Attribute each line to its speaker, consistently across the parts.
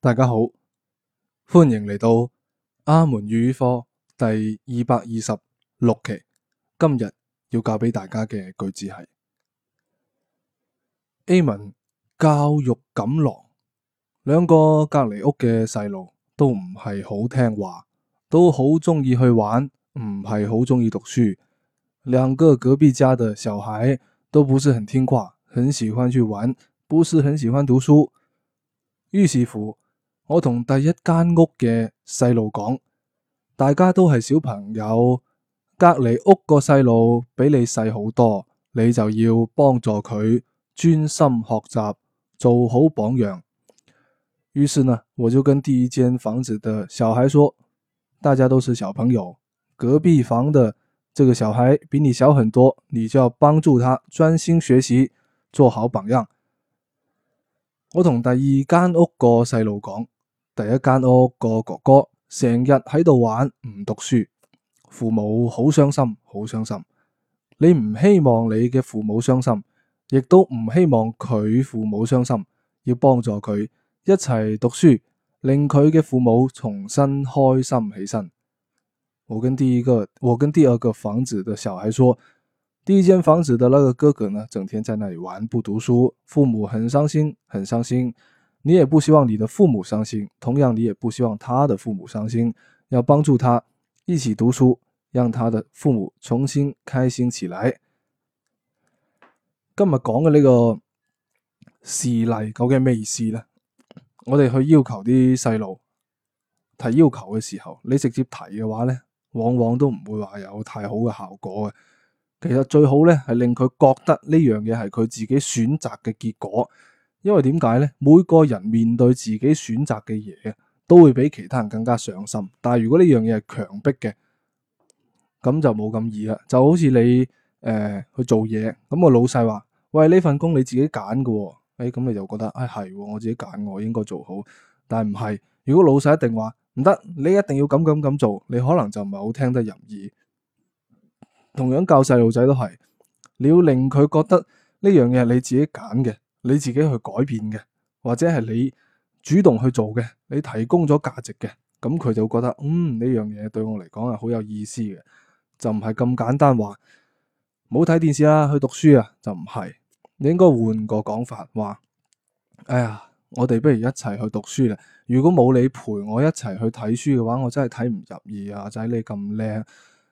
Speaker 1: 大家好，歡迎嚟到阿門粵語課第二百二十六期。今日要教俾大家嘅句子係：Amen 教育錦囊。兩個隔籬屋嘅細路都唔係好聽話，都好中意去玩，唔係好中意讀書。兩個隔壁家的小孩都不是很聽話，很喜歡去玩，不是很喜歡讀書。於是乎。我同第一間屋嘅細路講，大家都係小朋友，隔籬屋個細路比你細好多，你就要幫助佢專心學習，做好榜樣。於是呢，我就跟第一間房子的小孩說，大家都是小朋友，隔壁房的這個小孩比你小很多，你就要幫助他專心學習，做好榜樣。我同第二間屋個細路講。第一間屋個哥哥成日喺度玩唔讀書，父母好傷心，好傷心。你唔希望你嘅父母傷心，亦都唔希望佢父母傷心。要幫助佢一齊讀書，令佢嘅父母重新開心起身。我跟第二個，我跟第二個房子嘅小孩說：第一間房子嘅那個哥哥呢，整天在那裏玩不讀書，父母很傷心，很傷心。你也不希望你的父母傷心，同樣你也不希望他的父母傷心。要幫助他一起讀書，讓他的父母重新開心起來。今日講嘅呢個事例究竟咩意思呢？我哋去要求啲細路，提要求嘅時候，你直接提嘅話呢，往往都唔會話有太好嘅效果嘅。其實最好呢，係令佢覺得呢樣嘢係佢自己選擇嘅結果。因為點解咧？每個人面對自己選擇嘅嘢，都會比其他人更加上心。但係如果呢樣嘢係強迫嘅，咁就冇咁易啦。就好似你誒、呃、去做嘢，咁個老細話，喂，呢份工你自己揀嘅，哦、誒、哎，咁你就覺得啊係、哎，我自己揀，我應該做好。但係唔係，如果老細一定話唔得，你一定要咁咁咁做，你可能就唔係好聽得入耳。同樣教細路仔都係，你要令佢覺得呢樣嘢係你自己揀嘅。你自己去改變嘅，或者係你主動去做嘅，你提供咗價值嘅，咁佢就會覺得嗯呢樣嘢對我嚟講係好有意思嘅，就唔係咁簡單話，冇睇電視啦，去讀書啊，就唔係，你應該換個講法，話，哎呀，我哋不如一齊去讀書啦，如果冇你陪我一齊去睇書嘅話，我真係睇唔入耳啊，阿仔你咁叻，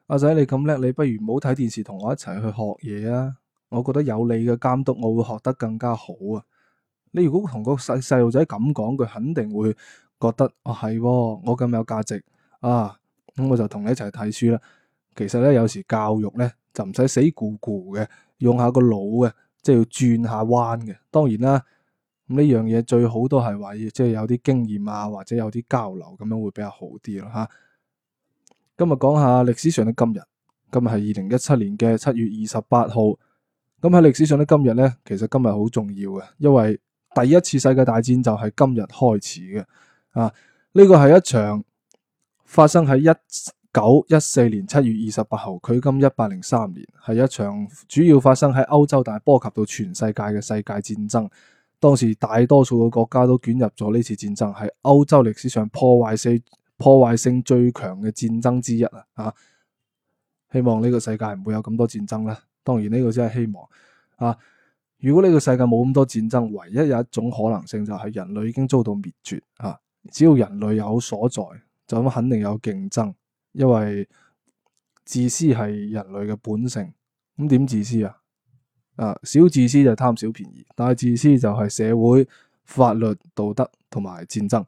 Speaker 1: 阿仔你咁叻，你不如冇睇電視，同我一齊去學嘢啊。我覺得有你嘅監督，我會學得更加好啊！你如果同個細細路仔咁講，佢肯定會覺得、啊、哦係，我咁有價值啊，咁我就同你一齊睇書啦。其實咧，有時教育咧就唔使死咕咕嘅，用下個腦嘅，即係要轉下彎嘅。當然啦，呢樣嘢最好都係話，即係有啲經驗啊，或者有啲交流，咁樣會比較好啲咯。吓，今日講下歷史上嘅今日，今日係二零一七年嘅七月二十八號。咁喺歷史上咧，今日咧，其實今日好重要嘅，因為第一次世界大戰就係今日開始嘅。啊，呢個係一場發生喺一九一四年七月二十八號，距今一百零三年，係一場主要發生喺歐洲，但係波及到全世界嘅世界戰爭。當時大多數嘅國家都捲入咗呢次戰爭，係歐洲歷史上破壞性破壞性最強嘅戰爭之一啊！啊，希望呢個世界唔會有咁多戰爭啦。當然呢個真係希望啊！如果呢個世界冇咁多戰爭，唯一有一種可能性就係人類已經遭到滅絕啊！只要人類有所在，就咁肯定有競爭，因為自私係人類嘅本性。咁點自私啊？啊，小自私就貪小便宜，大自私就係社會、法律、道德同埋戰爭。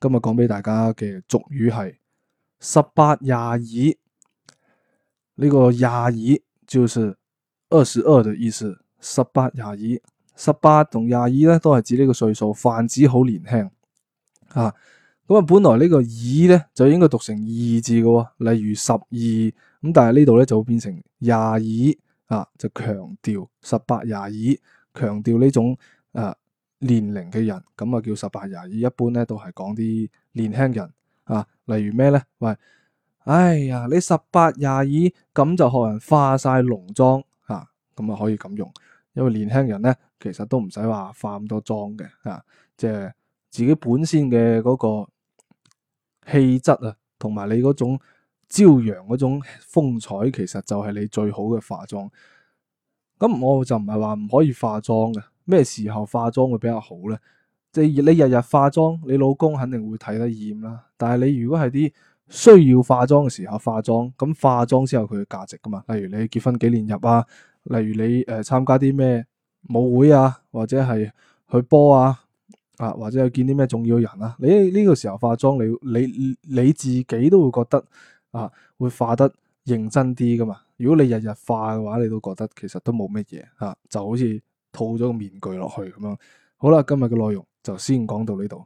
Speaker 1: 今日講俾大家嘅俗語係十八廿二，呢個廿二就是。二十二的意思，十八廿二，十八同廿二咧都係指呢個歲數，泛指好年輕啊。咁啊，本來、這個、呢個二咧就應該讀成二字嘅，例如十二咁，但係呢度咧就會變成廿二啊，就強調十八廿二，強調呢種誒、啊、年齡嘅人，咁啊叫十八廿二，一般咧都係講啲年輕人啊。例如咩咧？喂，哎呀，你十八廿二咁就學人化晒濃妝。咁啊，可以咁用，因為年輕人咧，其實都唔使話化咁多妝嘅啊，即係自己本身嘅嗰個氣質啊，同埋你嗰種朝陽嗰種風采，其實就係你最好嘅化妝。咁我就唔係話唔可以化妝嘅，咩時候化妝會比較好咧？即係你日日化妝，你老公肯定會睇得厭啦。但係你如果係啲需要化妝嘅時候化妝，咁化妝先有佢嘅價值噶嘛？例如你結婚紀念日啊。例如你誒、呃、參加啲咩舞會啊，或者係去波啊，啊或者去見啲咩重要人啊，你呢、呢個時候化妝你，你你你自己都會覺得啊，會化得認真啲噶嘛。如果你日日化嘅話，你都覺得其實都冇乜嘢啊，就好似套咗個面具落去咁樣。的好啦，今日嘅內容就先講到呢度。